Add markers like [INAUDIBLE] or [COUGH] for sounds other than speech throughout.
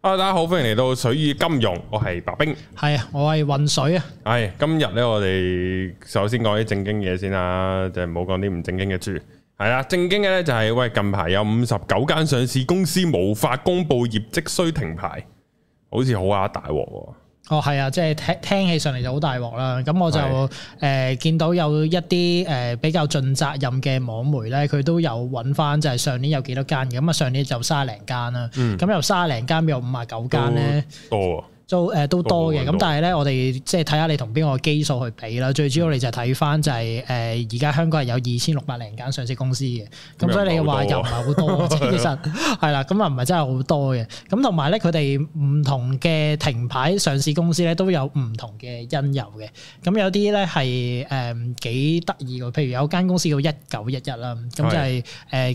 啊！Hello, 大家好，歡迎嚟到水與金融，我係白兵，係啊，我係渾水啊。係、哎、今日咧，我哋首先講啲正經嘢先啦。就唔好講啲唔正經嘅豬。係啦、啊，正經嘅咧就係、是、喂，近排有五十九間上市公司無法公布業績，需停牌，好似好啊大鑊。哦，係啊，即係聽聽起上嚟就好大鑊啦。咁我就誒是、呃、見到有一啲誒、呃、比較盡責任嘅網媒咧，佢都有揾返，就係上年有幾多間嘅。咁啊，上年就三十零間啦。咁、嗯、由三十零間變五十九間咧，多、啊。都誒都多嘅，咁但係咧，我哋即係睇下你同邊個基數去比啦。最主要你就睇翻就係、是、誒，而、呃、家香港係有二千六百零間上市公司嘅，咁、嗯、所以你嘅話、啊、又唔係好多， [LAUGHS] 其實係啦，咁啊唔係真係好多嘅。咁同埋咧，佢哋唔同嘅停牌上市公司咧都有唔同嘅因由嘅。咁有啲咧係誒幾得意嘅，譬如有間公司叫一九一一啦，咁就係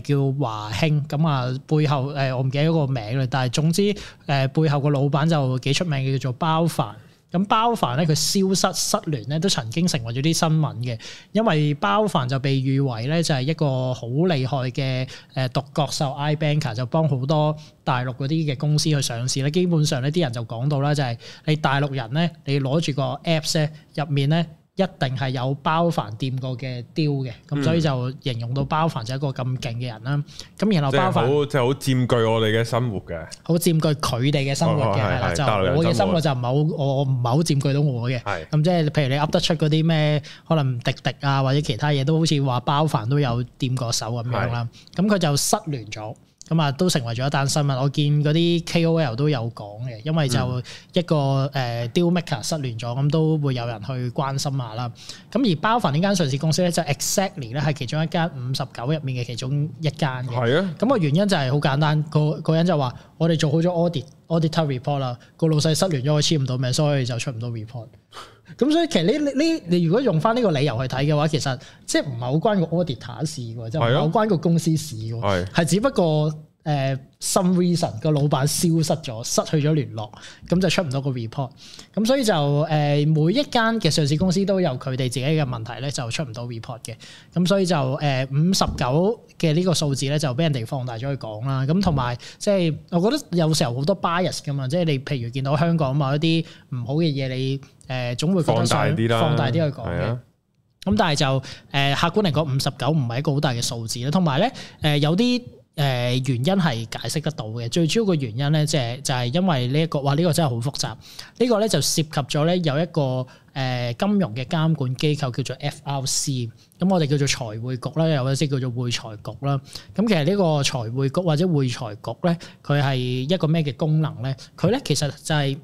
誒叫華興，咁啊背後誒、呃、我唔記得個名啦，但係總之誒、呃、背後個老闆就幾出名。叫做包凡，咁包凡咧佢消失失聯咧，都曾經成為咗啲新聞嘅，因為包凡就被譽為咧就係一個好厲害嘅誒獨角獸 I banker，就幫好多大陸嗰啲嘅公司去上市咧。基本上呢啲人就講到啦、就是，就係你大陸人咧，你攞住個 Apps 入面，咧。一定係有包凡掂過嘅 deal 嘅，咁、嗯、所以就形容到包凡就係一個咁勁嘅人啦。咁、嗯、然後包凡就好即係佔據我哋嘅生活嘅，好佔據佢哋嘅生活嘅。係喇，就我嘅生活就唔係好，我唔係好佔據到我嘅。咁即係譬如你噏得出嗰啲咩可能滴滴啊或者其他嘢，都好似話包凡都有掂過手咁樣啦。咁佢的就失聯咗。咁啊，都成為咗一單新聞。我見嗰啲 KOL 都有講嘅，因為就一個誒、嗯呃、deal maker 失聯咗，咁都會有人去關心下啦。咁而包凡呢間上市公司咧，就 Exactly 咧係其中一間五十九入面嘅其中一間嘅。係啊，咁個原因就係好簡單，個個人就話我哋做好咗 audit。audit report 啦，個老細失聯咗，我簽唔到名，所以就出唔到 report。咁 [LAUGHS] 所以其實呢呢你，你如果用翻呢個理由去睇嘅話，其實即係唔係好關個 auditor 事喎，即係唔係好關個公司事喎，係的只不過。誒 some reason 個老闆消失咗，失去咗聯絡，咁就出唔到個 report。咁所以就誒每一間嘅上市公司都有佢哋自己嘅問題咧，就出唔到 report 嘅。咁所以就誒五十九嘅呢個數字咧，就俾人哋放大咗去講啦。咁同埋即係我覺得有時候好多 bias 噶嘛，即係你譬如見到香港某一啲唔好嘅嘢，你誒總會放大啲啦，放大啲去講嘅。咁但係就誒客觀嚟講，五十九唔係一個好大嘅數字啦。同埋咧誒有啲。有誒原因係解釋得到嘅，最主要個原因咧、就是，即係就係、是、因為呢、這、一個，哇！呢、這個真係好複雜，呢、這個咧就涉及咗咧有一個誒、呃、金融嘅監管機構叫做 FRC 咁我哋叫做財匯局啦，有啲即叫做會財局啦。咁其實呢個財匯局或者會財局咧，佢係一個咩嘅功能咧？佢咧其實就係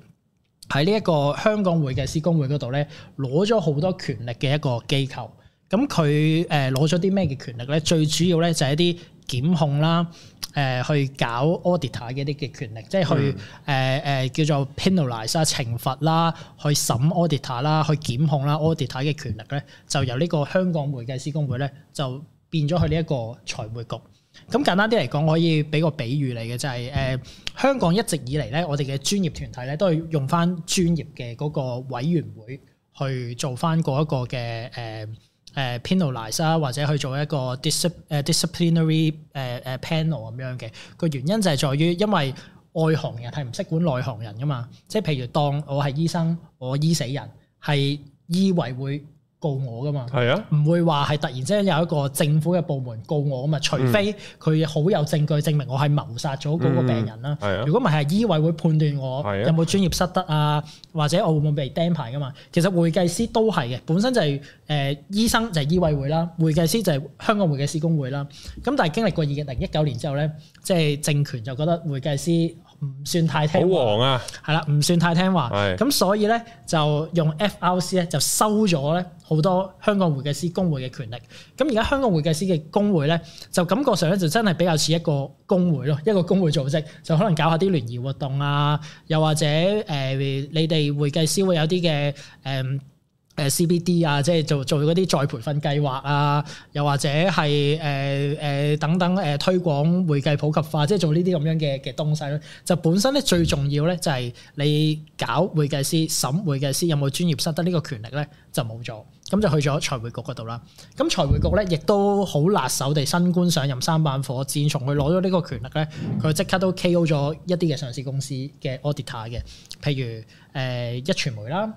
喺呢一個香港會計師公會嗰度咧攞咗好多權力嘅一個機構。咁佢誒攞咗啲咩嘅權力咧？最主要咧就係一啲檢控啦，誒、呃、去搞 auditor 嘅一啲嘅權力，嗯、即係去誒誒、呃、叫做 penalise 懲罰啦，去審 auditor 啦，去檢控啦 auditor 嘅權力咧，就由呢個香港會計師公會咧就變咗去呢一個財會局。咁簡單啲嚟講，我可以俾個比喻嚟嘅，就係、是、誒、呃、香港一直以嚟咧，我哋嘅專業團體咧都係用翻專業嘅嗰個委員會去做翻嗰一個嘅誒。呃誒 penalize 啊，或者去做一個 disc disciplinary 誒誒 panel 咁樣嘅，個原因就係在於，因為外行人係唔識管內行人噶嘛，即係譬如當我係醫生，我醫死人係醫委會。告我噶嘛，係啊，唔會話係突然之間有一個政府嘅部門告我噶嘛，除非佢好有證據證明我係謀殺咗嗰個病人啦。係啊，如果唔係，係醫委會判斷我有冇專業失德啊，或者我會唔會被釘牌噶嘛？其實會計師都係嘅，本身就係誒醫生就係醫委會啦，會計師就係香港會計師公會啦。咁但係經歷過二零一九年之後咧，即係政權就覺得會計師。唔算太聽話，好黃啊！係啦，唔算太聽話，咁係所以咧就用 FRC 咧就收咗咧好多香港會計師公會嘅權力。咁而家香港會計師嘅公會咧就感覺上咧就真係比較似一個工會咯，一個工會組織就可能搞下啲聯誼活動啊，又或者誒、呃、你哋會計師會有啲嘅誒。呃誒 CBD 啊，即係做做啲再培訓計劃啊，又或者係誒誒等等誒、呃、推廣會計普及化，即係做呢啲咁樣嘅嘅東西咧。就本身咧最重要咧，就係你搞會計師審會計師有冇專業失德呢個權力咧，就冇咗。咁就去咗財匯局嗰度啦。咁財匯局咧，亦都好辣手地新官上任三板火，自從佢攞咗呢個權力咧，佢即刻都 K.O. 咗一啲嘅上市公司嘅 auditor 嘅，譬如誒、呃、壹傳媒啦。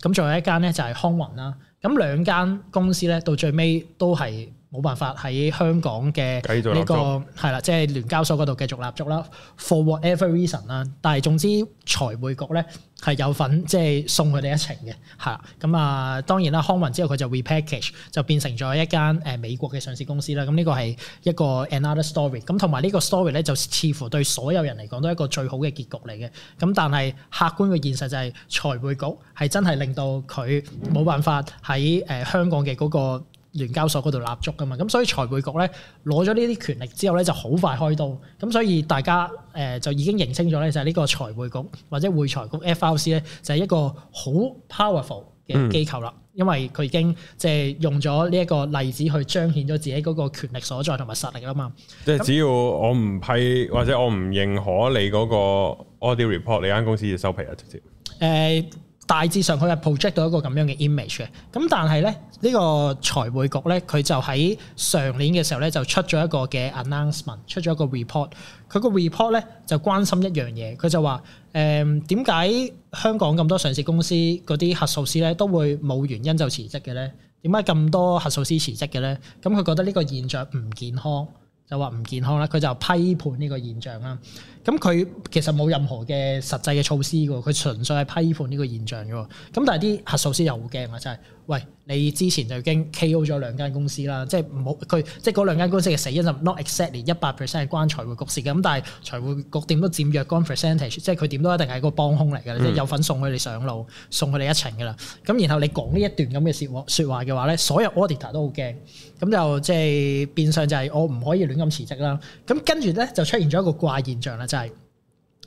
咁仲有一間咧就係康雲啦，咁兩間公司咧到最尾都係冇辦法喺香港嘅呢、這個係啦，即係、就是、聯交所嗰度繼續立足啦。For whatever reason 啦，但係總之財匯局咧。係有份即係、就是、送佢哋一程嘅，嚇咁啊！當然啦，康文之後佢就 repackage，就變成咗一間誒美國嘅上市公司啦。咁呢個係一個 another story、嗯。咁同埋呢個 story 咧，就似乎對所有人嚟講都係一個最好嘅結局嚟嘅。咁、嗯、但係客觀嘅現實就係財匯局係真係令到佢冇辦法喺誒、呃、香港嘅嗰、那個。聯交所嗰度立足噶嘛，咁所以財匯局咧攞咗呢啲權力之後咧就好快開刀，咁所以大家誒就已經認清咗咧就係呢個財匯局或者會財局 FRC 咧就係一個好 powerful 嘅機構啦，嗯、因為佢已經即係用咗呢一個例子去彰顯咗自己嗰個權力所在同埋實力吖嘛。即係是、嗯、只要我唔批或者我唔認可你嗰個 audit report，你間公司要收皮，直接。嗯嗯。大致上佢係 project 到一個咁樣嘅 image 嘅，咁但係咧呢個財會局咧，佢就喺上年嘅時候咧就出咗一個嘅 announcement，出咗一個 report。佢個 report 咧就關心一樣嘢，佢就話誒點解香港咁多上市公司嗰啲核數師咧都會冇原因就辭職嘅咧？點解咁多核數師辭職嘅咧？咁佢覺得呢個現象唔健康，就話唔健康啦，佢就批判呢個現象啦。咁佢其實冇任何嘅實際嘅措施㗎喎，佢純粹係批判呢個現象㗎喎。咁但係啲核數師又好驚啊，就係、是，喂，你之前就已經 KO 咗兩間公司啦，即係唔好。」佢，即係嗰兩間公司嘅死因就 not exactly 一百 percent 關財匯局事嘅。咁但係財匯局點都佔若干 percentage，即係佢點都一定係個幫兇嚟㗎，嗯、即係有份送佢哋上路、送佢哋一程㗎啦。咁然後你講呢一段咁嘅説話嘅話咧，所有 auditor 都好驚。咁就即係變相就係我唔可以亂咁辭職啦。咁跟住咧就出現咗一個怪現象啦，就是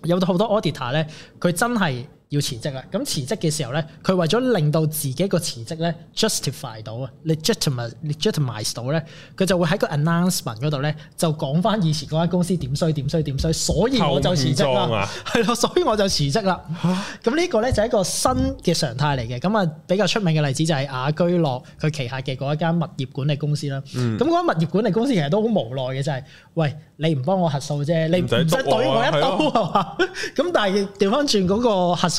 有好多 auditor 咧，佢真係要辭職啦，咁辭職嘅時候咧，佢為咗令到自己個辭職咧 justify 到啊 legitimize 到咧，佢 [MUSIC] 就會喺個 announcement 嗰度咧就講翻以前嗰間公司點衰、點衰、點衰，所以我就辭職啦，係咯、啊，所以我就辭職啦。咁呢、啊、個咧就係一個新嘅常態嚟嘅，咁啊比較出名嘅例子就係雅居樂佢旗下嘅嗰一間物業管理公司啦。咁嗰、嗯、間物業管理公司其實都好無奈嘅，就係、是，喂，你唔幫我核數啫，你唔使懟我一刀啊嘛。咁了 [LAUGHS] 但係調翻轉嗰個核數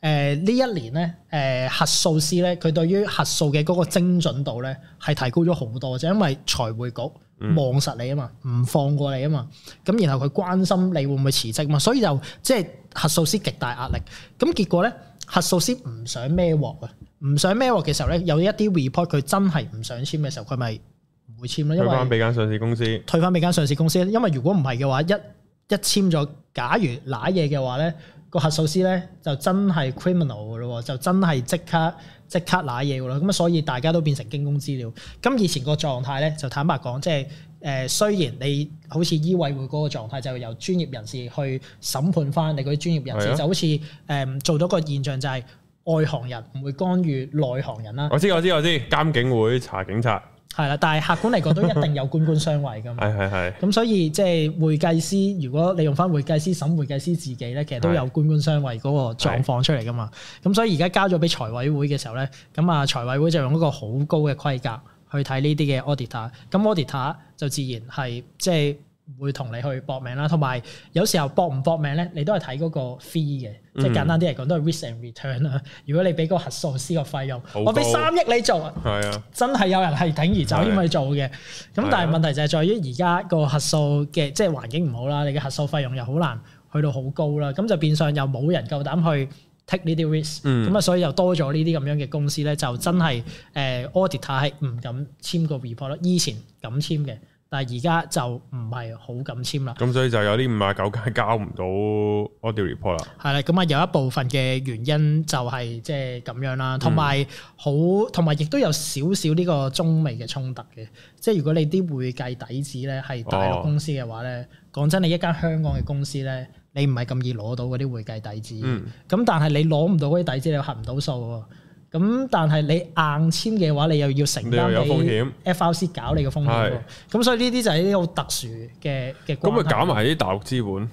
誒呢一年咧，誒核數師咧，佢對於核數嘅嗰個精準度咧，係提高咗好多，就因為財匯局望實你啊嘛，唔放過你啊嘛，咁然後佢關心你會唔會辭職嘛，所以就即係核數師極大壓力。咁結果咧，核數師唔想孭鑊嘅，唔想孭鑊嘅時候咧，有一啲 report 佢真係唔想簽嘅時候，佢咪唔會簽咯。因為退翻俾間上市公司。退翻俾間上市公司，因為如果唔係嘅話，一一簽咗，假如瀨嘢嘅話咧。個核數師咧就真係 criminal 㗎咯，就真係即刻即刻瀨嘢㗎啦，咁所以大家都變成驚弓之鳥。咁以前個狀態咧就坦白講，即係誒、呃、雖然你好似醫委會嗰個狀態就由專業人士去審判翻你嗰啲專業人士，是啊、就好似誒、呃、做到個現象就係外行人唔會干預內行人啦。我知我知我知，監警會查警察。係啦，但係客觀嚟講 [LAUGHS] 都一定有官官相衛噶嘛。係係係。咁所以即係會計師，如果你用返會計師審會計師自己咧，其實都有官官相衛嗰個狀況出嚟噶嘛。咁 [LAUGHS] 所以而家交咗俾財委會嘅時候咧，咁啊財委會就用一個好高嘅規格去睇呢啲嘅 auditor，咁 auditor 就自然係即係。會同你去搏命啦，同埋有，有時候搏唔搏命咧，你都係睇嗰個 fee 嘅，即係、嗯、簡單啲嚟講都係 risk and return 啦。如果你俾個核數師個費用，高我俾三億你做，係啊，真係有人係頂而走咁去做嘅。咁、啊、但係問題就係在於而家個核數嘅即係環境唔好啦，你嘅核數費用又好難去到好高啦。咁就變相又冇人夠膽去 take 呢啲 risk，嗯。咁啊，所以又多咗呢啲咁樣嘅公司咧，就真係誒 auditor 係唔敢簽個 report 咯。以前敢簽嘅。但係而家就唔係好敢籤啦。咁所以就有啲五啊九間交唔到 audit report 啦。係啦，咁啊有一部分嘅原因就係即係咁樣啦，同埋好，同埋亦都有少少呢個中美嘅衝突嘅。即係如果你啲會計底子咧係大陸公司嘅話咧，講、哦、真你一間香港嘅公司咧，你唔係咁易攞到嗰啲會計底子。嗯。咁但係你攞唔到嗰啲底子，你核唔到數喎。咁但係你硬簽嘅話，你又要承擔你 FRC 搞你嘅風險喎。咁所以呢啲就係一啲好特殊嘅嘅關。咁咪搞埋啲大陸資本。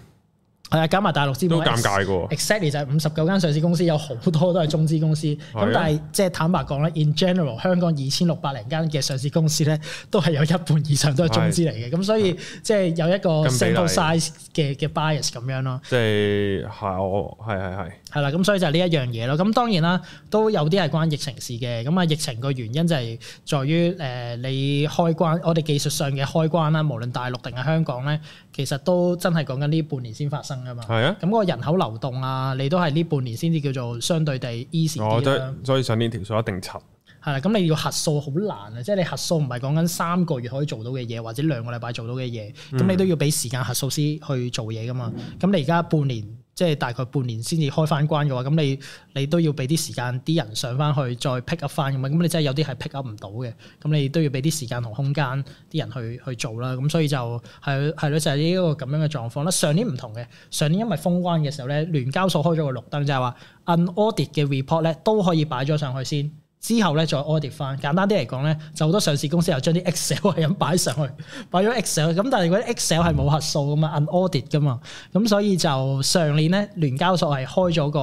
係啊，加埋大陸資本好尷尬喎。Exactly 就係五十九間上市公司有好多都係中資公司，咁、啊、但係即係坦白講咧，in general 香港二千六百零間嘅上市公司咧，都係有一半以上都係中資嚟嘅，咁是所以是即係有一個 sample size 嘅嘅 bias 咁樣咯。即係係我係係係。係啦，咁所以就係呢一樣嘢咯。咁當然啦，都有啲係關疫情事嘅。咁啊，疫情個原因就係在於誒、呃、你開關，我哋技術上嘅開關啦，無論大陸定係香港咧。其實都真係講緊呢半年先發生噶嘛，係啊，咁嗰個人口流動啊，你都係呢半年先至叫做相對地 easy 啲啦。哦，所以上面條數一定齊。係啦，咁你要核數好難啊，即係你核數唔係講緊三個月可以做到嘅嘢，或者兩個禮拜做到嘅嘢，咁，嗯，你都要俾時間核數先去做嘢噶嘛。咁你而家半年。即係大概半年先至開翻關嘅話，咁你你都要俾啲時間啲人上翻去再 pick up 翻咁啊！咁你真係有啲係 pick up 唔到嘅，咁你都要俾啲時間同空間啲人去去做啦。咁所以就係係咯，就係呢個咁樣嘅狀況啦。上年唔同嘅，上年因為封關嘅時候咧，聯交所開咗個綠燈，就係話 unaudit 嘅 report 咧都可以擺咗上去先，之後咧再 audit 翻，簡單啲嚟講咧，就好多上市公司又將啲 Excel 咁擺上去，擺咗 Excel 咁，但係嗰啲 Excel 係冇核數噶嘛，unaudit 噶嘛，咁所以就上年咧聯交所係開咗個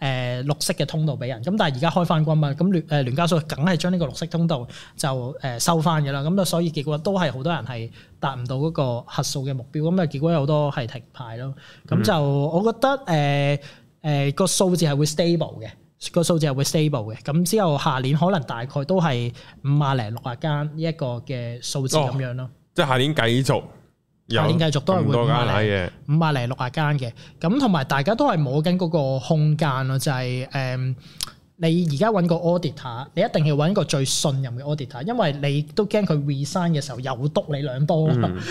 誒綠色嘅通道俾人，咁但係而家開翻軍嘛，咁聯誒聯交所梗係將呢個綠色通道就誒收翻噶啦，咁就所以結果都係好多人係達唔到嗰個核數嘅目標，咁啊結果有好多係停牌咯，咁就我覺得誒誒個數字係會 stable 嘅。個數字係會 stable 嘅，咁之後下年可能大概都係五十零六十間呢一個嘅數字咁樣咯，哦。即係下年繼續，下年繼續都係會五十零五十零六十間嘅。咁同埋大家都係摸緊嗰個空間咯，就係、是、誒。Um, 你而家揾個 auditor，你一定要揾個最信任嘅 auditor，因為你都驚佢 resign 嘅時候又督你兩波，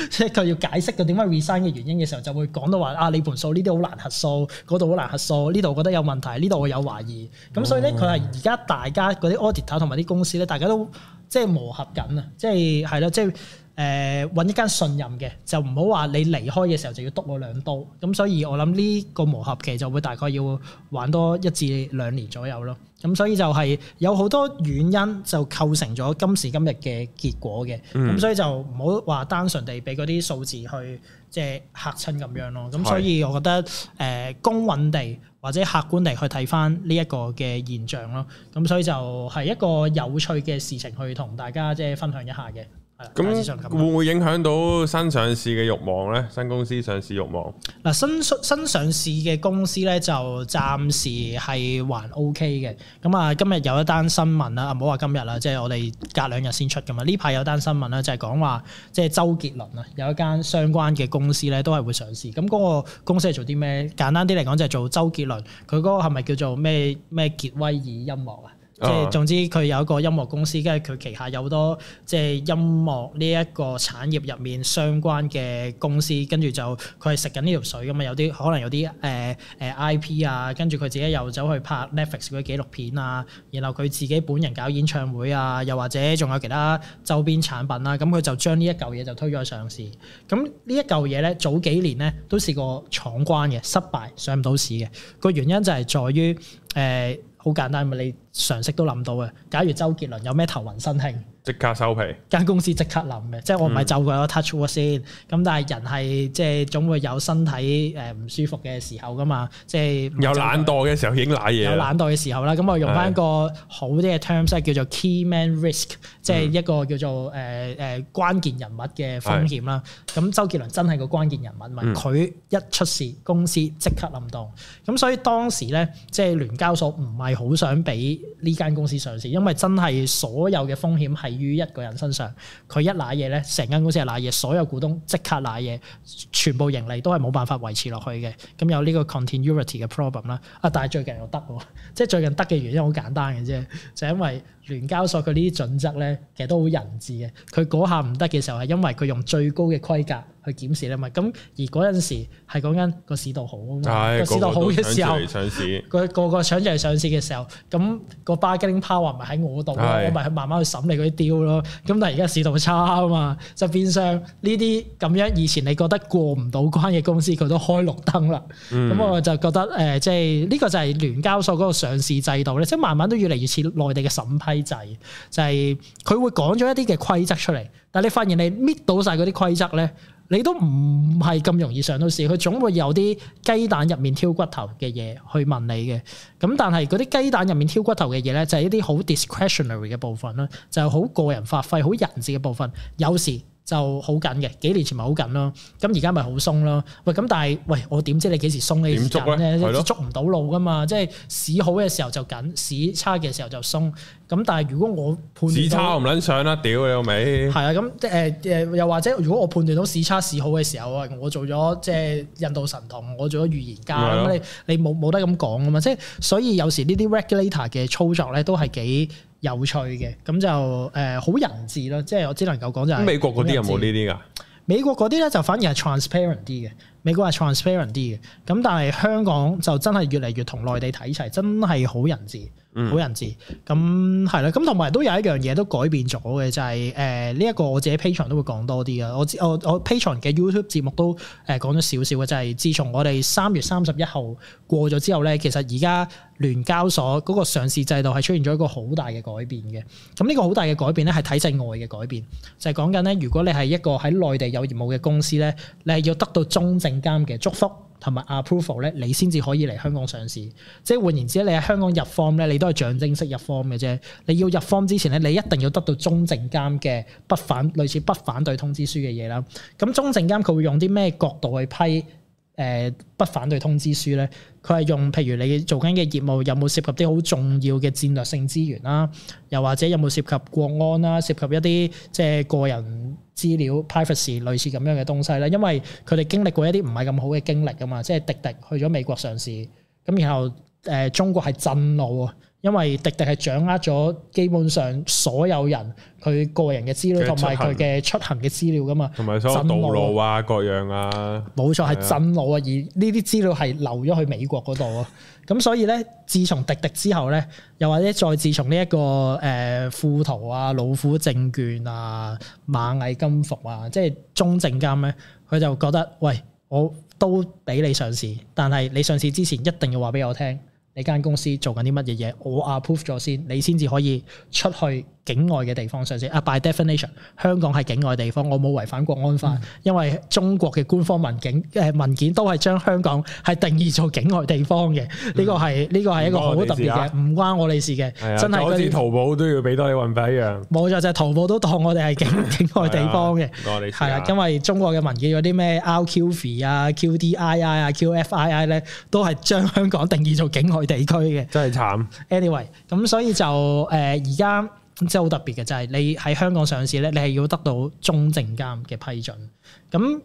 即係佢要解釋佢點解 resign 嘅原因嘅時候，就會講到話啊，你盤數呢啲好難核數，嗰度好難核數，呢度覺得有問題，呢度我有懷疑，咁、哦、所以咧佢係而家大家嗰啲 auditor 同埋啲公司咧，大家都即係磨合緊啊，即係係啦，即係。誒揾一間信任嘅，就唔好話你離開嘅時候就要督我兩刀。咁所以我諗呢個磨合期就會大概要玩多一至兩年左右咯。咁所以就係有好多原因就構成咗今時今日嘅結果嘅。咁、嗯、所以就唔好話單純地俾嗰啲數字去即係嚇親咁樣咯。咁所以我覺得誒公允地或者客觀地去睇翻呢一個嘅現象咯。咁所以就係一個有趣嘅事情去同大家即係分享一下嘅。咁會唔會影響到新上市嘅慾望咧？新公司上市慾望，嗱，新新上市嘅公司咧，就暫時係還 OK 嘅。咁啊，今日有一單新聞啦，唔好話今日啦，即係我哋隔兩日先出噶嘛。呢排有單新聞啦，就係講話即係周杰倫啊，有一間相關嘅公司咧都係會上市。咁嗰個公司係做啲咩？簡單啲嚟講就係做周杰倫。佢嗰個係咪叫做咩咩傑威爾音樂啊？即係總之，佢有一個音樂公司，跟住佢旗下有好多即係音樂呢一個產業入面相關嘅公司。跟住就佢係食緊呢條水咁啊。有啲可能有啲誒誒、呃呃、I P 啊，跟住佢自己又走去拍 Netflix 嗰啲紀錄片啊。然後佢自己本人搞演唱會啊，又或者仲有其他周邊產品啊。咁、嗯、佢就將呢一嚿嘢就推咗上市。咁、嗯、呢一嚿嘢咧，早幾年咧都試過闖關嘅失敗，上唔到市嘅個原因就係在於誒好、呃、簡單啊，你。常識都諗到嘅。假如周杰倫有咩頭暈身㷫，即刻收皮。間公司即刻諗嘅，即係我唔係就佢有 touch 咗先。咁但係人係即係總會有身體誒唔舒服嘅時候㗎嘛，即係有懶惰嘅時候影賴嘢，有懶惰嘅時候啦。咁我用翻一個好啲嘅 terms 咧，叫做 key man risk，即係一個叫做誒誒關鍵人物嘅風險啦。咁周杰倫真係個關鍵人物，咪佢一出事，公司即刻諗到。咁所以當時咧，即係聯交所唔係好想俾。呢間公司上市，因為真係所有嘅風險係於一個人身上，佢一攋嘢咧，成間公司係攋嘢，所有股東即刻攋嘢，全部盈利都係冇辦法維持落去嘅，咁有呢個 continuity 嘅 problem 啦。啊，但係最近又得喎，即係最近得嘅原因好簡單嘅啫，就係因為聯交所佢呢啲準則咧，其實都好仁慈嘅，佢嗰下唔得嘅時候係因為佢用最高嘅規格。去檢視咧嘛，咁而嗰陣時係講緊個市道好啊嘛，個、哎、市道好嘅時候，個個個搶著上市，個，個個個搶著上市嘅時候，咁、個 bargaining power 咪喺我度咯，哎、我咪去慢慢去審理嗰啲 deal 咯。咁但係而家市道差啊嘛，就變相呢啲咁樣以前你覺得過唔到關嘅公司，佢都開綠燈啦。咁、嗯、我就覺得誒，即係呢個就係聯交所嗰個上市制度咧，即係慢慢都越嚟越似內地嘅審批制，就係、是、佢會講咗一啲嘅規則出嚟，但係你發現你搣到晒嗰啲規則咧。你都唔係咁容易上到市，佢總會有啲雞蛋入面挑骨頭嘅嘢去問你嘅。咁但係嗰啲雞蛋入面挑骨頭嘅嘢咧，就係一啲好 discretionary 嘅部分啦，就係好個人發揮、好人治嘅部分，有時。就好緊嘅，幾年前咪好緊咯，咁而家咪好鬆咯。喂，咁但係，喂，我點知你幾時鬆呢？點解咧？捉唔到路噶嘛，對的 即係市好嘅時候就緊，市差嘅時候就鬆。咁但係如果我判市差唔撚上啦，屌你老味！係啊，咁誒誒，又或者如果我判斷到市、啊呃、市差市好嘅時候啊，我做咗即係印度神童，我做咗預言家咁對的 你你冇冇得咁講噶嘛？即係所以有時呢啲 regulator 嘅操作咧，都係幾～有趣嘅，咁就誒好人治咯，即係我只能夠講就係美國嗰啲有冇呢啲㗎？美國嗰啲咧就反而係 transparent 啲嘅，美國係 transparent 啲嘅，咁但係香港就真係越嚟越同內地睇齊，嗯、真係好人治。好人治，咁係啦，咁同埋都有一樣嘢都改變咗嘅，就係誒呢一個我自己 Patreon 都會講多啲啊。我我我 Patreon 嘅 YouTube 節目都誒講咗少少嘅，就係、是、自從我哋三月三十一號過咗之後咧，其實而家聯交所嗰個上市制度係出現咗一個好大嘅改變嘅。咁呢個好大嘅改變咧，係體制外嘅改變，就係講緊咧，如果你係一個喺內地有業務嘅公司咧，你係要得到中證監嘅祝福。同埋 approval 咧，of，你先至可以嚟香港上市。即係換言之，你喺香港入 form 咧，你都係象徵式入 form 嘅啫。你要入 form 之前咧，你一定要得到中證監嘅不反類似不反對通知書嘅嘢啦。咁中證監佢會用啲咩角度去批？誒、呃、不反對通知書咧，佢係用譬如你做緊嘅業務有冇涉及啲好重要嘅戰略性資源啦、啊，又或者有冇涉及國安啦、啊，涉及一啲即係個人資料 privacy 類似咁樣嘅東西咧，因為佢哋經歷過一啲唔係咁好嘅經歷啊嘛，即係滴滴去咗美國上市，咁然後誒、呃、中國係震怒啊！因為滴滴係掌握咗基本上所有人佢個人嘅資,資料，同埋佢嘅出行嘅資料㗎嘛，同埋所有道路啊,路啊各樣啊，冇錯係震對 路啊，而呢啲資料係流咗去美國嗰度啊。咁 [LAUGHS] 所以咧，自從滴滴之後咧，又或者再自從呢、這、一個誒、呃、富途啊、老虎證券啊、螞蟻金服啊，即係中證監咧，佢就覺得喂，我都俾你上市，但係你上市之前一定要話俾我聽。你間公司做緊啲乜嘢嘢？我 approve 咗先，你先至可以出去。境外嘅地方上先啊，by definition，香港係境外地方，我冇違反國安法，因為中國嘅官方文件誒文件都係將香港係定義做境外地方嘅，呢個係呢個係一個好特別嘅，唔關我哋事嘅，真係。好似淘寶都要俾多你運費一樣！冇錯，就係淘寶都當我哋係境境外地方嘅，係啦，因為中國嘅文件有啲咩 RQV 啊、QDII 啊、QFII 咧，都係將香港定義做境外地區嘅。真係慘。Anyway，咁所以就誒而家。即係好特別嘅，就係、是、你喺香港上市咧，你係要得到中證監嘅批准。咁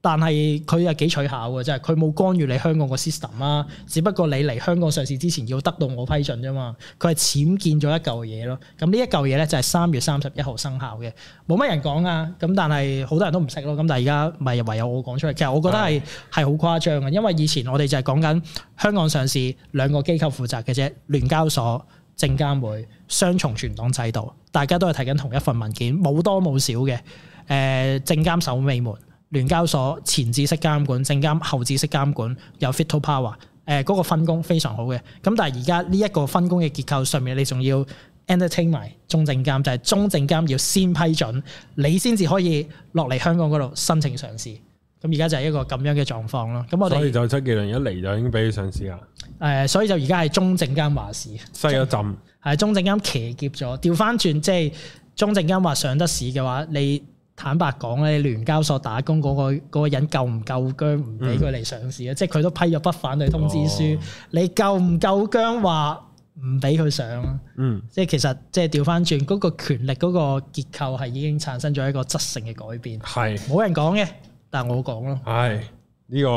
但係佢又幾取巧嘅，就係佢冇干預你香港個 system 啦，只不過你嚟香港上市之前要得到我批准啫嘛。佢係僭建咗一嚿嘢咯。咁呢一嚿嘢咧就係三月三十一號生效嘅，冇乜人講啊。咁但係好多人都唔識咯。咁但係而家咪唯有我講出嚟。其實我覺得係係好誇張嘅，因為以前我哋就係講緊香港上市兩個機構負責嘅啫，聯交所。證監會雙重傳統制度，大家都係睇緊同一份文件，冇多冇少嘅。誒、呃，證監守尾門，聯交所前置式監管，證監後置式監管，有 fit to power、呃。誒，嗰個分工非常好嘅。咁但係而家呢一個分工嘅結構上面，你仲要 entertain 埋中證監，就係、是、中證監要先批准，你先至可以落嚟香港嗰度申請上市。咁而家就係一個咁樣嘅狀況咯。咁我哋所以就七杰倫一嚟就已經俾佢上市啦。誒、呃，所以就而家係中證監話事，衰咗浸係中證監騎劫咗。調翻轉即係中證監話上得市嘅話，你坦白講咧，你聯交所打工嗰、那個那個人夠唔夠薑？唔俾佢嚟上市咧，嗯、即係佢都批咗不反對通知書。哦、你夠唔夠薑？話唔俾佢上。嗯，即係其實即係調翻轉嗰個權力嗰、那個結構係已經產生咗一個質性嘅改變。係冇人講嘅。但係我講咯，唉，呢個，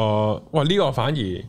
哇呢個反而。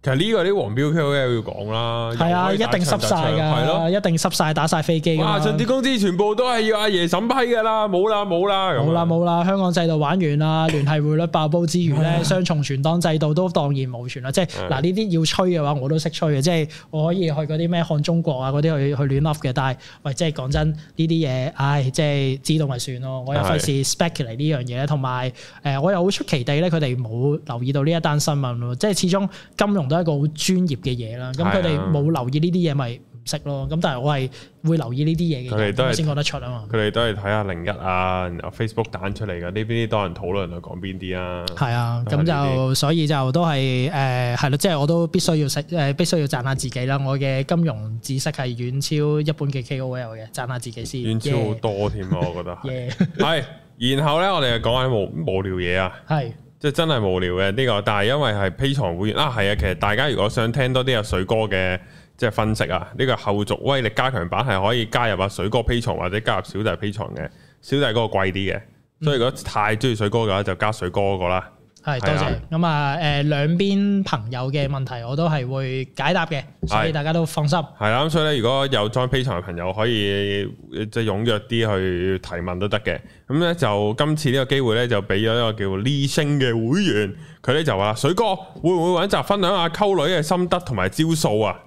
其實呢個啲黃標 P.L. 要講啦，係啊，一定濕晒噶，係咯，一定濕晒打晒飛機。哇！上市公司全部都係要阿爺審批噶啦，冇啦冇啦，冇啦冇啦！香港制度玩完啦，聯繫匯率爆煲之餘咧，雙重存檔制度都當然冇存啦。即係嗱，呢啲要吹嘅話，我都識吹嘅，即係我可以去嗰啲咩看中國啊嗰啲去去亂 up 嘅。但係喂，即係講真呢啲嘢，唉，即係知道咪算咯。我又費事 speculate 呢樣嘢，同埋誒我又好出奇地咧，佢哋冇留意到呢一單新聞咯。即係始終金融。都係一個好專業嘅嘢啦，咁佢哋冇留意呢啲嘢咪唔識咯，咁但係我係會留意呢啲嘢嘅，我先講得出啊嘛。佢哋都係睇下零一啊，然後 Facebook 彈出嚟嘅呢邊啲多人討論，佢講邊啲啊？係啊，咁就所以就都係誒係咯，即係我都必須要識誒，必須要讚下自己啦。我嘅金融知識係遠超一般嘅 KOL 嘅，讚下自己先。遠超好多添啊，我覺得係。係，然後咧我哋講緊無無聊嘢啊。係。即真係無聊嘅呢個，但係因為係 Patreon 會員啊，係啊，其實大家如果想聽多啲阿水哥嘅即係分析啊，呢個後續威力加強版係可以加入阿水哥 Patreon 或者加入小弟 Patreon 嘅，小弟嗰個貴啲嘅，所以如果太中意水哥嘅話，就加水哥嗰個啦。係，多謝。咁啊，誒，兩邊朋友嘅問題我都係會解答嘅，的所以大家都放心。係啊，咁所以咧，如果有 join Patreon 嘅朋友，可以即係踊躍啲去提問都得嘅。咁咧就今次呢個機會咧，就俾咗一個叫李星嘅會員，佢咧就話：水哥會唔會揾集分享下溝女嘅心得同埋招數啊？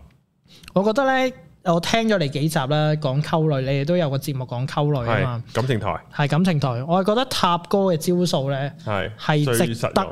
我覺得咧。我聽咗你幾集啦，講溝女，你哋都有個節目講溝女啊嘛。感情台。係感情台，我係覺得塔哥嘅招數咧係是值得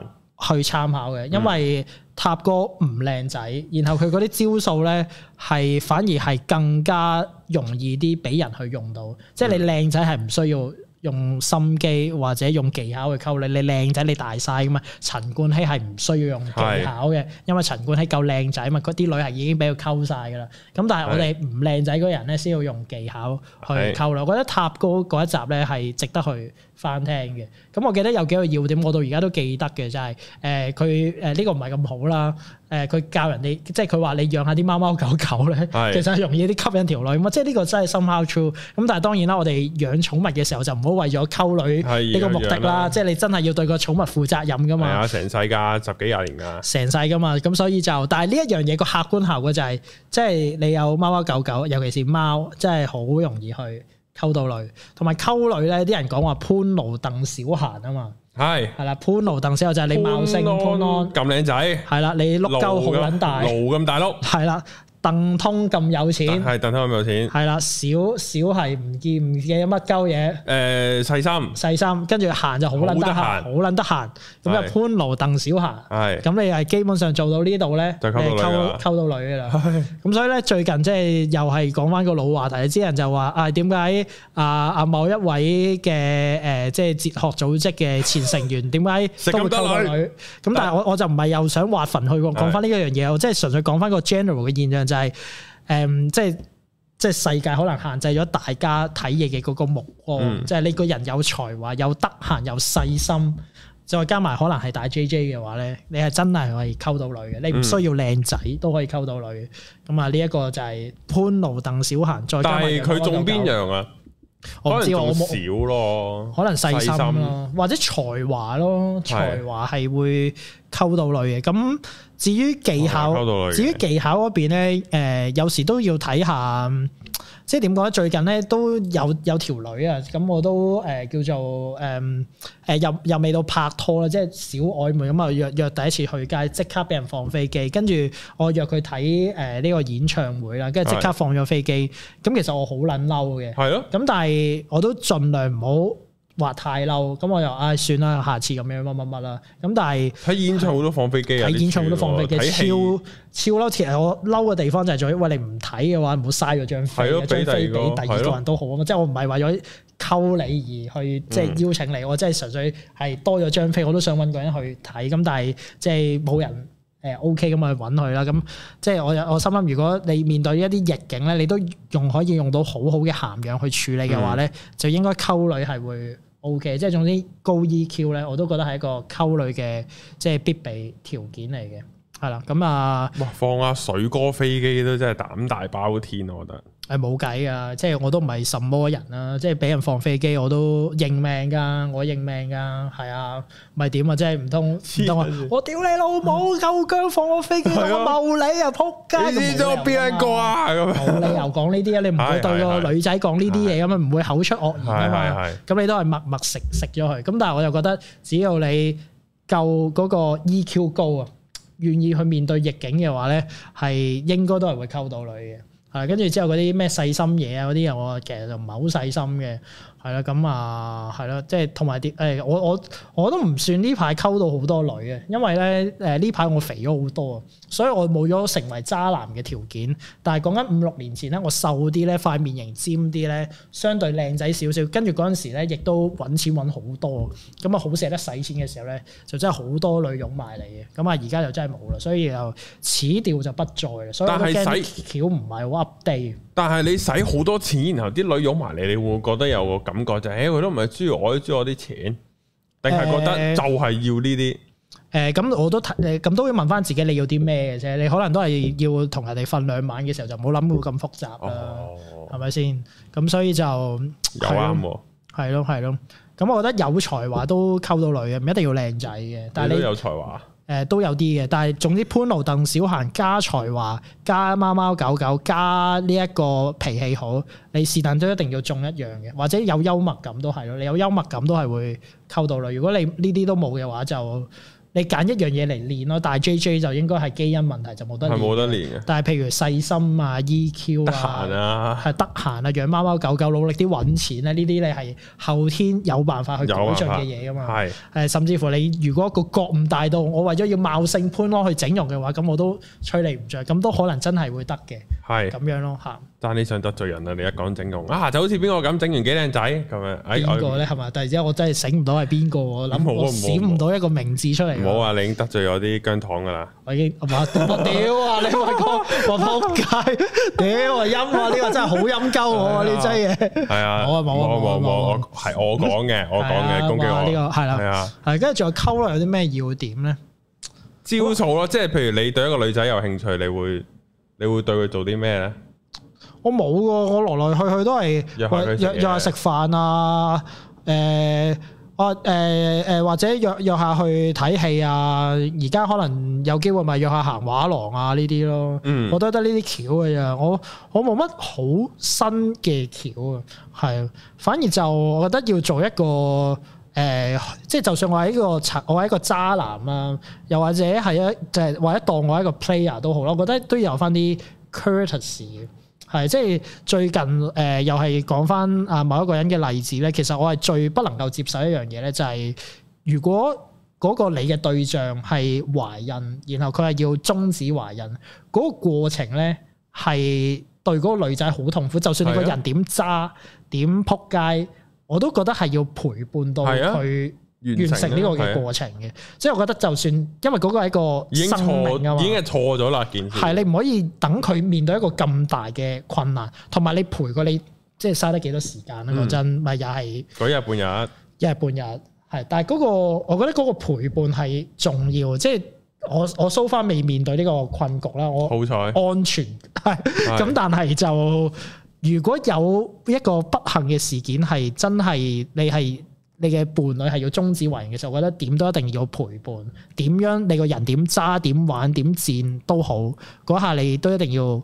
去參考嘅，因為塔哥唔靚仔，然後佢嗰啲招數咧係反而係更加容易啲俾人去用到，即係、嗯、你靚仔係唔需要。用心機或者用技巧去溝你，你靚仔你大晒㗎嘛？陳冠希係唔需要用技巧嘅，是因為陳冠希夠靚仔嘛，佢啲女人已經俾佢溝晒㗎啦。咁但係我哋唔靚仔嗰人咧，先要用技巧去溝啦。我覺得塔哥嗰一集咧係值得去翻聽嘅。咁 harmon ics 我記得有幾個要點，我到而家都記得嘅就係誒佢誒呢個唔係咁好啦。誒佢、呃、教人哋，即係佢話你養下啲貓貓狗狗咧，是其實係容易啲吸引條女咁，即係呢個真係 somehow true。咁但係當然啦，我哋養寵物嘅時候就唔好為咗溝女呢是個目的啦。即係你真係要對個寵物負責任㗎嘛。係啊，成世㗎，十幾廿年㗎。成世㗎嘛，咁所以就，但係呢一樣嘢個客觀效果就係、是，即係你有貓貓狗狗，尤其是貓，真係好容易去。溝到女，同埋溝女咧，啲人講話潘驢、鄧小閒啊嘛，係係啦，潘驢、鄧小閒就係你貌似潘安，咁靚仔，係啦，你碌鳩好撚大，驢咁大碌，係啦。鄧通咁有錢，係鄧通咁有錢，係啦，少少係唔見唔見乜鳩嘢，誒細心細心，跟住行就好撚得閒，好撚得閒，咁就潘驢鄧小閒，係，咁你係基本上做到呢度咧，就溝到女㗎啦，咁所以咧最近即係又係講翻個老話題，啲人就話啊點解啊啊某一位嘅誒即係哲學組織嘅前成員點解都會溝女，咁但係我我就唔係又想挖墳去講翻呢一樣嘢，我即係純粹講翻個 general 嘅現象。就係、是、誒、嗯，即係即係世界可能限制咗大家睇嘢嘅嗰個目光，即係、嗯、你個人有才華、又得閒、又細心，再加埋可能係大 J J 嘅話咧，你係真係可以溝到女嘅，你唔需要靚仔都可以溝到女。咁啊、嗯，呢一個就係潘勞、鄧小嫻，再加埋佢仲邊樣啊？我知可能少咯，可能細心咯，心或者才華咯，才華係會。溝到女嘅，咁至於技巧，哦、至於技巧嗰邊咧，誒、呃、有時都要睇下，即係點講咧？最近咧都有有條女啊，咁我都誒、呃、叫做誒誒、呃呃，又又未到拍拖啦，即、就、係、是、小曖昧咁啊，我約約第一次去街，即刻俾人放飛機，跟住我約佢睇誒呢個演唱會啦，跟住即刻放咗飛機，咁的其實我好撚嬲嘅，係咯的，咁但係我都盡量唔好。話太嬲，咁我又唉、哎、算啦，下次咁樣乜乜乜啦。咁但係睇演唱會好多放飛機啊，睇演唱會好多放飛機超超嬲。其實我嬲嘅地方就係、是，喂、哎、你唔睇嘅話，唔好嘥咗張飛了張飛俾第二個了人都好啊嘛。即係我唔係為咗溝你而去，即、就、係、是、邀請你。嗯、我真係純粹係多咗張飛，我都想揾個人去睇。咁但係即係冇人誒 OK 咁去揾佢啦。咁即係我我心諗，如果你面對一啲逆境咧，你都用可以用到好好嘅涵養去處理嘅話咧，嗯、就應該溝女係會。O.K. 即係總之高 EQ 咧，我都覺得係一個溝女嘅即係必備條件嚟嘅，係啦。咁啊，放阿水哥飛機都真係膽大包天，啊，我覺得。係冇計噶，即係我都唔係什麼人啊，即係俾人放飛機我都認命噶，我認命噶，係啊，咪點啊，即係唔通唔通，我屌你老母，夠姜放我飛機，我冇理啊，仆街！你知咗邊一個啊？咁冇理由講呢啲啊，你唔會對個女仔講呢啲嘢咁樣啊，唔會口出惡言啊嘛，咁你都係默默食食咗佢。咁但係我就覺得，只要你夠嗰個 EQ 高啊，願意去面對逆境嘅話咧，係應該都係會溝到女嘅。係，跟住、啊、之後嗰啲咩細心嘢啊，嗰啲我其實就唔係好細心嘅。係啦，咁啊，係啦，即係同埋啲誒，我我我都唔算呢排溝到好多女嘅，因為咧誒呢排、呃、我肥咗好多啊，所以我冇咗成為渣男嘅條件。但係講緊五六年前咧，我瘦啲咧，塊面型尖啲咧，相對靚仔少少。跟住嗰陣時咧，亦都揾錢揾好多，咁啊好捨得使錢嘅時候咧，就真係好多女湧埋你嘅。咁啊而家就真係冇啦，所以就此調就不在啦。但係使橋唔係好 update。但係你使好多錢，然後啲女擁埋你，你會覺得有個感覺就係、是，佢、欸、都唔係中意我，我都中意我啲錢，定係覺得就係要呢啲？誒、欸，咁、欸、我都睇，咁都要問翻自己你要啲咩嘅啫。你可能都係要同人哋瞓兩晚嘅時候就冇諗會咁複雜啊，係咪先？咁所以就有啊，係咯，係咯。咁我覺得有才華都溝到女嘅，唔一定要靚仔嘅。但係你，你都有才華。誒、呃、都有啲嘅，但係總之潘勞、鄧小嫻、加才華加貓貓狗狗加呢一個脾氣好，你是但都一定要中一樣嘅，或者有幽默感都係咯，你有幽默感都係會溝到啦。如果你呢啲都冇嘅話就。你揀一樣嘢嚟練咯，但係 JJ 就應該係基因問題就冇得練。係冇得練嘅。但係譬如細心啊、EQ 啊，得閒啊，係得閒啊，養貓貓狗狗，努力啲揾錢啊。呢啲你係後天有辦法去改進嘅嘢噶嘛。係。甚至乎你如果個國唔大到，我為咗要貌勝潘安去整容嘅話，咁我都吹你唔着，咁都可能真係會得嘅。係咁樣咯，吓，但你想得罪人啊？你一講整容啊，就好似邊個咁整完幾靚仔咁樣？呢個咧，係嘛？突然之間我真係醒唔到係邊個，我諗我閃唔到一個名字出嚟。唔好話你已經得罪咗啲薑糖噶啦，我已經我屌啊！你話個我仆街屌我陰啊！呢個真係好陰鳩我呢啲嘢。係啊，我啊冇冇冇冇，係我講嘅，我講嘅攻擊我。呢個係啦，係啊，係跟住仲有溝女啦，有啲咩要點咧？招數咯，即係譬如你對一個女仔有興趣，你會。你會對佢做啲咩咧？我冇喎，我來來去去都係約下食飯啊，誒、呃，啊、呃，誒、呃、誒，或者約約下去睇戲啊，而家可能有機會咪約下行畫廊啊呢啲咯。嗯我，我都得呢啲橋嘅啫，我我冇乜好新嘅橋啊，係啊，反而就我覺得要做一個。誒，即係、呃、就算我係一個渣，我係一個渣男啦，又或者係一，就係或者當我係一個 player 都好啦，我覺得都要有翻啲 courtesy 嘅，係即係最近誒、呃，又係講翻啊某一個人嘅例子咧。其實我係最不能夠接受一樣嘢咧，就係、是、如果嗰個你嘅對象係懷孕，然後佢係要終止懷孕，嗰、那個過程咧係對嗰個女仔好痛苦。的就算你個人點渣，點仆街。我都覺得係要陪伴到佢完成呢個嘅過程嘅，所以我覺得就算因為嗰個係一個已經錯啊，已經係錯咗啦，件事係你唔可以等佢面對一個咁大嘅困難，同埋你陪過你即係嘥得幾多時間啊？嗰陣咪又係嗰日半日，一日半日係，但係嗰、嗰個我覺得嗰個陪伴係重要，即、就、係、是、我我 so far 未面對呢個困局啦，我好彩安全，咁好 [LAUGHS] 但係就。如果有一個不幸嘅事件係真係你係你嘅伴侶係要終止懷孕嘅時候，我覺得點都一定要陪伴。點樣你個人點揸點玩點賤都好，嗰下你都一定要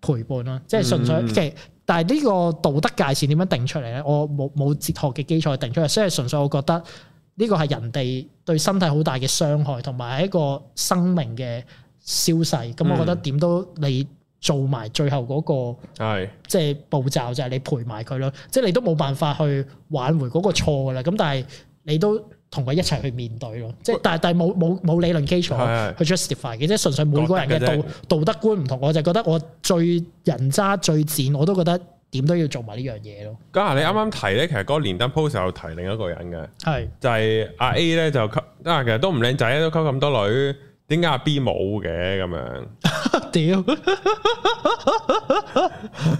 陪伴咯。即係純粹，即係但係呢個道德界線點樣定出嚟咧？我冇冇哲學嘅基礎定出嚟，所以純粹我覺得呢個係人哋對身體好大嘅傷害，同埋係一個生命嘅消逝。咁我覺得點都你。做埋最後嗰個，即係步驟就係、是、你陪埋佢咯，的即係你都冇辦法去挽回嗰個錯噶啦。咁但係你都同佢一齊去面對咯，即係、嗯、但係但係冇冇冇理論基礎去 justify 嘅，即係的純粹每個人嘅道、就是、道德觀唔同。我就覺得我最人渣最賤，我都覺得點都要做埋呢樣嘢咯。嘉華、啊，的你啱啱提咧，其實嗰個連登 post 又提另一個人嘅，係就係阿 A 咧就溝，嘉的的、啊、其實都唔靚仔，都溝咁多女。點解阿 B 冇嘅咁樣？屌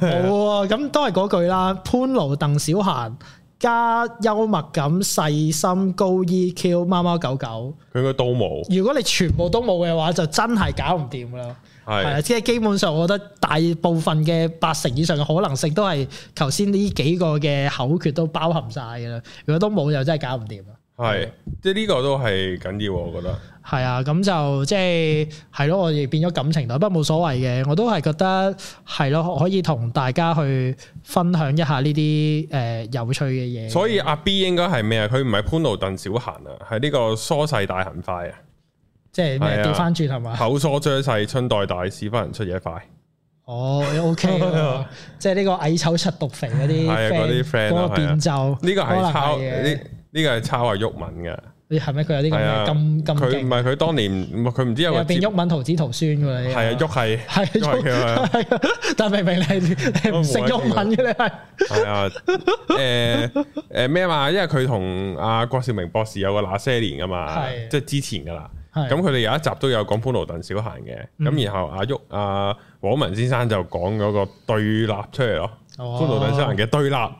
冇啊！咁都係嗰句啦。潘勞鄧小嫻加幽默感細心高 EQ 貓貓狗狗，佢個都冇。如果你全部都冇嘅話，就真係搞唔掂啦。係啊，即係基本上，我覺得大部分嘅八成以上嘅可能性都係頭先呢幾個嘅口訣都包含晒噶啦。如果都冇，就真係搞唔掂。係，即係呢個都係緊要，我覺得。係啊，咁就即係係咯，我哋變咗感情，但不過冇所謂嘅，我都係覺得係咯，啊、可以同大家去分享一下呢啲誒有趣嘅嘢。所以阿 B 應該係咩啊？佢唔係潘奴鄧小嫻啊，係呢個梳細大行快啊，即係調翻轉係嘛？口梳張細，春代大屎忽人出嘢快。哦，OK，即係呢個矮醜出毒肥嗰啲 friend，個變奏呢個係抄嘅，呢個係抄阿郁文嘅。你係咪佢有啲咁咁勁？佢唔係佢當年唔佢唔知有變郁文徒子徒孫噶，你係啊郁，係係，但明明你係唔識郁文嘅，你係係啊誒誒咩嘛？因為佢同阿郭少明博士有個那些年噶嘛，即係之前噶啦。咁佢哋有一集都有講潘盧鄧小賢嘅，咁、嗯、然後阿旭、阿、啊、黃文先生就講嗰個對立出嚟咯，哦、潘盧鄧小賢嘅對立，咁呢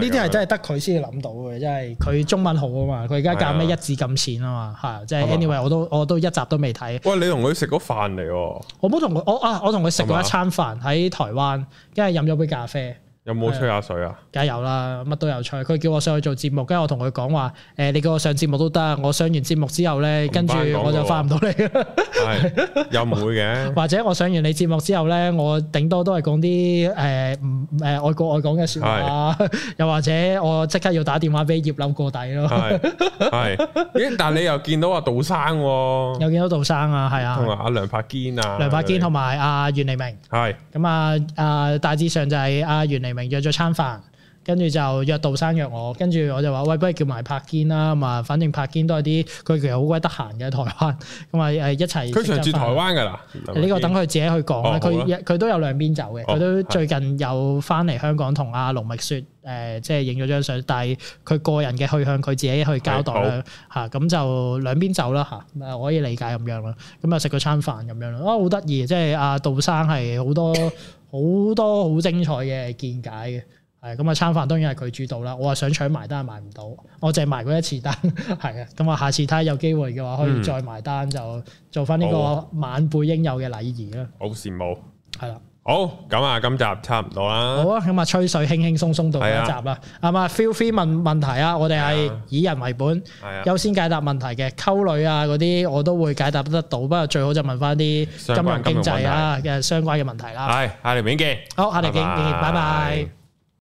啲係真係得佢先至諗到嘅，即係佢中文好啊嘛，佢而家教咩一字咁淺啊嘛，嚇、啊，即係 anyway 我都我都一集都未睇。喂，你同佢食過飯嚟喎？我冇同佢，我啊我同佢食過一餐飯喺台灣，跟住飲咗杯咖啡。有冇吹下水啊？梗有啦，乜都有吹。佢叫我上去做節目，跟住我同佢講話，誒，你叫我上節目都得。我上完節目之後咧，跟住我就翻唔到嚟。又唔會嘅。或者我上完你節目之後咧，我頂多都係講啲誒唔誒愛國愛港嘅説話，又或者我即刻要打電話俾葉劉過底咯。係。係。咦？但你又見到阿杜生喎？又見到杜生啊？係啊。同埋阿梁柏堅啊。梁柏堅同埋阿袁麗明。係。咁啊啊，大致上就係阿袁麗。明約咗餐飯，跟住就約杜生約我，跟住我就話喂，不如叫埋柏堅啦，咁啊，反正柏堅都係啲，佢其實好鬼得閒嘅台灣，咁啊誒一齊。佢常住台灣噶啦，呢個等佢自己去講啦。佢、佢、哦、都有兩邊走嘅，佢、哦、都最近有翻嚟香港同阿盧密雪，誒、呃，即係影咗張相。但係佢個人嘅去向，佢自己去交代。吓，咁就兩邊走啦吓，咁可以理解咁樣啦。咁啊食咗餐飯咁樣啦，哦，好得意，即係阿杜生係好多。 [LAUGHS] 好多好精彩嘅見解嘅，係咁啊！餐飯當然係佢主導啦，我話想搶埋單，又埋唔到，我淨係埋過一次單，係啊，咁、嗯、啊，嗯、下次睇下有機會嘅話，可以再埋單，就做翻呢個晚輩應有嘅禮儀啦、嗯啊。好羨慕，係啦。好，咁、oh, 啊，今集差唔多啦。好啊，咁、嗯、啊，吹水輕輕松鬆到一集啦。係啊，咁啊，Feel Free 問問題啊，我哋係以人為本，優、啊、先解答問題嘅，溝女啊嗰啲我都會解答得到，不過最好就問翻啲金融經濟啊嘅相關嘅問,問題啦。係，下條片見，好，下條片，見，拜拜。拜拜